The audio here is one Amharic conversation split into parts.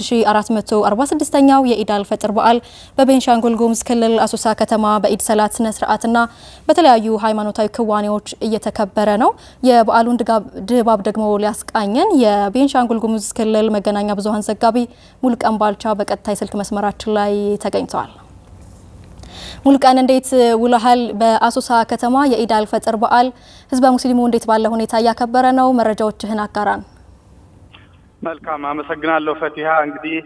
1446ኛው የኢዳል ፈጥር በዓል በቤንሻንጉል ጉሙዝ ክልል አሶሳ ከተማ በኢድ ሰላት ስነ ስርዓትና በተለያዩ ሃይማኖታዊ ክዋኔዎች እየተከበረ ነው። የበዓሉን ድባብ ደግሞ ሊያስቃኘን የቤንሻንጉል ጉሙዝ ክልል መገናኛ ብዙኃን ዘጋቢ ሙሉቀን ባልቻ በቀጥታ የስልክ መስመራችን ላይ ተገኝተዋል። ሙሉቀን እንዴት ውለሃል? በአሶሳ ከተማ የኢዳል ፈጥር በዓል ህዝበ ሙስሊሙ እንዴት ባለ ሁኔታ እያከበረ ነው? መረጃዎችህን አጋራን። መልካም አመሰግናለሁ ፈቲሃ። እንግዲህ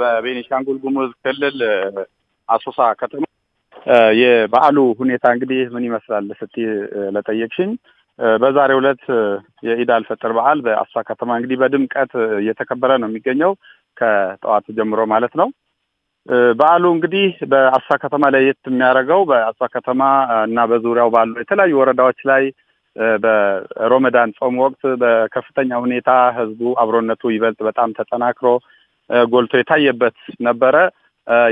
በቤኒሻንጉል ጉሙዝ ክልል አሶሳ ከተማ የበዓሉ ሁኔታ እንግዲህ ምን ይመስላል ስትይ ለጠየቅሽኝ በዛሬው ዕለት የኢድ አልፈጥር በዓል በአሶሳ ከተማ እንግዲህ በድምቀት እየተከበረ ነው የሚገኘው ከጠዋት ጀምሮ ማለት ነው። በዓሉ እንግዲህ በአሶሳ ከተማ ለየት የሚያደርገው በአሶሳ ከተማ እና በዙሪያው ባሉ የተለያዩ ወረዳዎች ላይ በሮመዳን ጾም ወቅት በከፍተኛ ሁኔታ ህዝቡ አብሮነቱ ይበልጥ በጣም ተጠናክሮ ጎልቶ የታየበት ነበረ።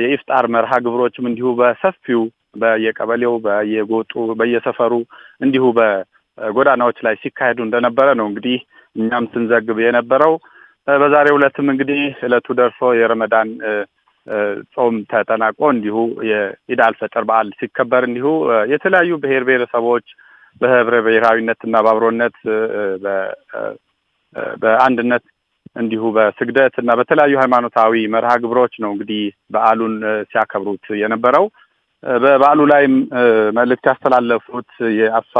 የኢፍጣር መርሃ ግብሮችም እንዲሁ በሰፊው በየቀበሌው፣ በየጎጡ፣ በየሰፈሩ እንዲሁ በጎዳናዎች ላይ ሲካሄዱ እንደነበረ ነው እንግዲህ እኛም ስንዘግብ የነበረው። በዛሬው ዕለትም እንግዲህ ዕለቱ ደርሶ የረመዳን ጾም ተጠናቆ እንዲሁ የኢድ አልፈጥር በዓል ሲከበር እንዲሁ የተለያዩ ብሔር ብሔረሰቦች በህብረ ብሔራዊነትና በአብሮነት በአንድነት እንዲሁ በስግደት እና በተለያዩ ሃይማኖታዊ መርሃ ግብሮች ነው እንግዲህ በዓሉን ሲያከብሩት የነበረው። በበዓሉ ላይም መልእክት ያስተላለፉት የአፋ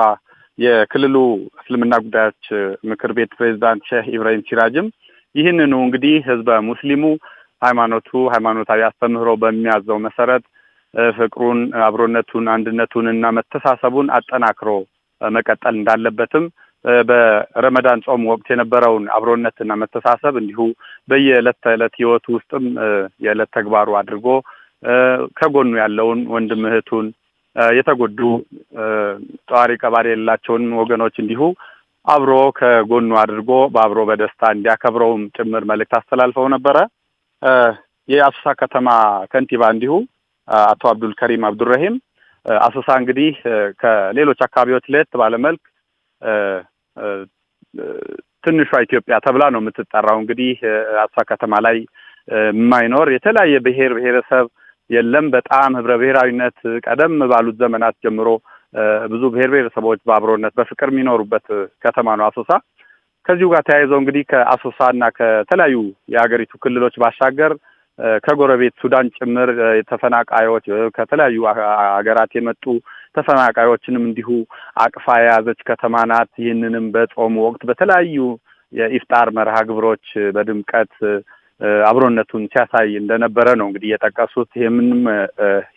የክልሉ እስልምና ጉዳዮች ምክር ቤት ፕሬዚዳንት ሼህ ኢብራሂም ሲራጅም ይህንኑ እንግዲህ ህዝበ ሙስሊሙ ሃይማኖቱ ሃይማኖታዊ አስተምህሮ በሚያዘው መሰረት ፍቅሩን፣ አብሮነቱን፣ አንድነቱን እና መተሳሰቡን አጠናክሮ መቀጠል እንዳለበትም በረመዳን ጾም ወቅት የነበረውን አብሮነትና መተሳሰብ እንዲሁ በየዕለት ተዕለት ህይወቱ ውስጥም የዕለት ተግባሩ አድርጎ ከጎኑ ያለውን ወንድም እህቱን የተጎዱ ጠዋሪ ቀባሪ የሌላቸውን ወገኖች እንዲሁ አብሮ ከጎኑ አድርጎ በአብሮ በደስታ እንዲያከብረውም ጭምር መልእክት አስተላልፈው ነበረ። የአሶሳ ከተማ ከንቲባ እንዲሁ አቶ አብዱል ከሪም አብዱረሂም አሶሳ እንግዲህ ከሌሎች አካባቢዎች ለየት ባለመልክ ትንሿ ኢትዮጵያ ተብላ ነው የምትጠራው። እንግዲህ አሶሳ ከተማ ላይ የማይኖር የተለያየ ብሔር ብሔረሰብ የለም። በጣም ህብረ ብሔራዊነት ቀደም ባሉት ዘመናት ጀምሮ ብዙ ብሔር ብሔረሰቦች በአብሮነት በፍቅር የሚኖሩበት ከተማ ነው አሶሳ። ከዚሁ ጋር ተያይዘው እንግዲህ ከአሶሳ እና ከተለያዩ የሀገሪቱ ክልሎች ባሻገር ከጎረቤት ሱዳን ጭምር የተፈናቃዮች ከተለያዩ ሀገራት የመጡ ተፈናቃዮችንም እንዲሁ አቅፋ የያዘች ከተማ ናት። ይህንንም በጾም ወቅት በተለያዩ የኢፍጣር መርሃ ግብሮች በድምቀት አብሮነቱን ሲያሳይ እንደነበረ ነው እንግዲህ የጠቀሱት። ይህምንም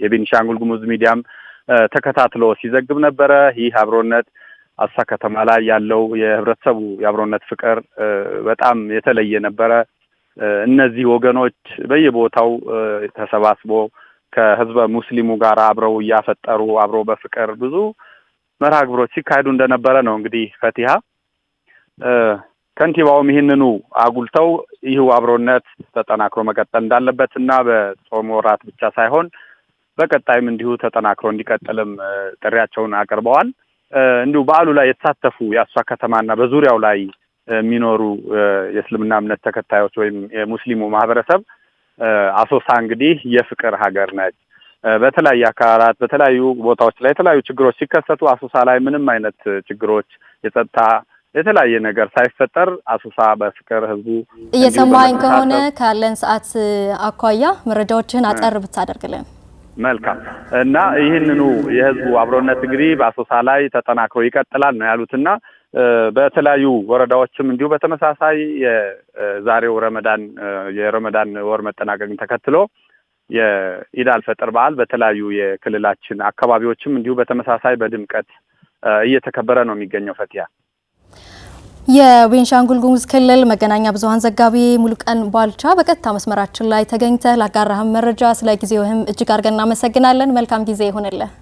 የቤኒሻንጉል ጉሙዝ ሚዲያም ተከታትሎ ሲዘግብ ነበረ። ይህ አብሮነት አሳ ከተማ ላይ ያለው የህብረተሰቡ የአብሮነት ፍቅር በጣም የተለየ ነበረ። እነዚህ ወገኖች በየቦታው ተሰባስቦ ከህዝበ ሙስሊሙ ጋር አብረው እያፈጠሩ አብሮ በፍቅር ብዙ መርሃ ግብሮች ሲካሄዱ እንደነበረ ነው። እንግዲህ ፈቲሃ ከንቲባውም ይህንኑ አጉልተው ይህው አብሮነት ተጠናክሮ መቀጠል እንዳለበት እና በጾም ወራት ብቻ ሳይሆን በቀጣይም እንዲሁ ተጠናክሮ እንዲቀጥልም ጥሪያቸውን አቅርበዋል። እንዲሁ በዓሉ ላይ የተሳተፉ የአሷ ከተማና በዙሪያው ላይ የሚኖሩ የእስልምና እምነት ተከታዮች ወይም የሙስሊሙ ማህበረሰብ አሶሳ እንግዲህ የፍቅር ሀገር ነች። በተለያዩ አካላት በተለያዩ ቦታዎች ላይ የተለያዩ ችግሮች ሲከሰቱ አሶሳ ላይ ምንም አይነት ችግሮች የጸጥታ የተለያየ ነገር ሳይፈጠር አሶሳ በፍቅር ህዝቡ እየሰማኝ ከሆነ ካለን ሰዓት አኳያ መረጃዎችህን አጠር ብታደርግልን መልካም እና ይህንኑ የህዝቡ አብሮነት እንግዲህ በአሶሳ ላይ ተጠናክሮ ይቀጥላል ነው ያሉትና በተለያዩ ወረዳዎችም እንዲሁ በተመሳሳይ የዛሬው ረመዳን የረመዳን ወር መጠናቀቅን ተከትሎ የኢድ አልፈጥር በዓል በተለያዩ የክልላችን አካባቢዎችም እንዲሁ በተመሳሳይ በድምቀት እየተከበረ ነው የሚገኘው። ፈትያ የቤንሻንጉል ጉሙዝ ክልል መገናኛ ብዙኃን ዘጋቢ ሙሉቀን ባልቻ በቀጥታ መስመራችን ላይ ተገኝተህ ላጋራህም መረጃ ስለ ጊዜውህም እጅግ አድርገን እናመሰግናለን። መልካም ጊዜ ይሆንልህ።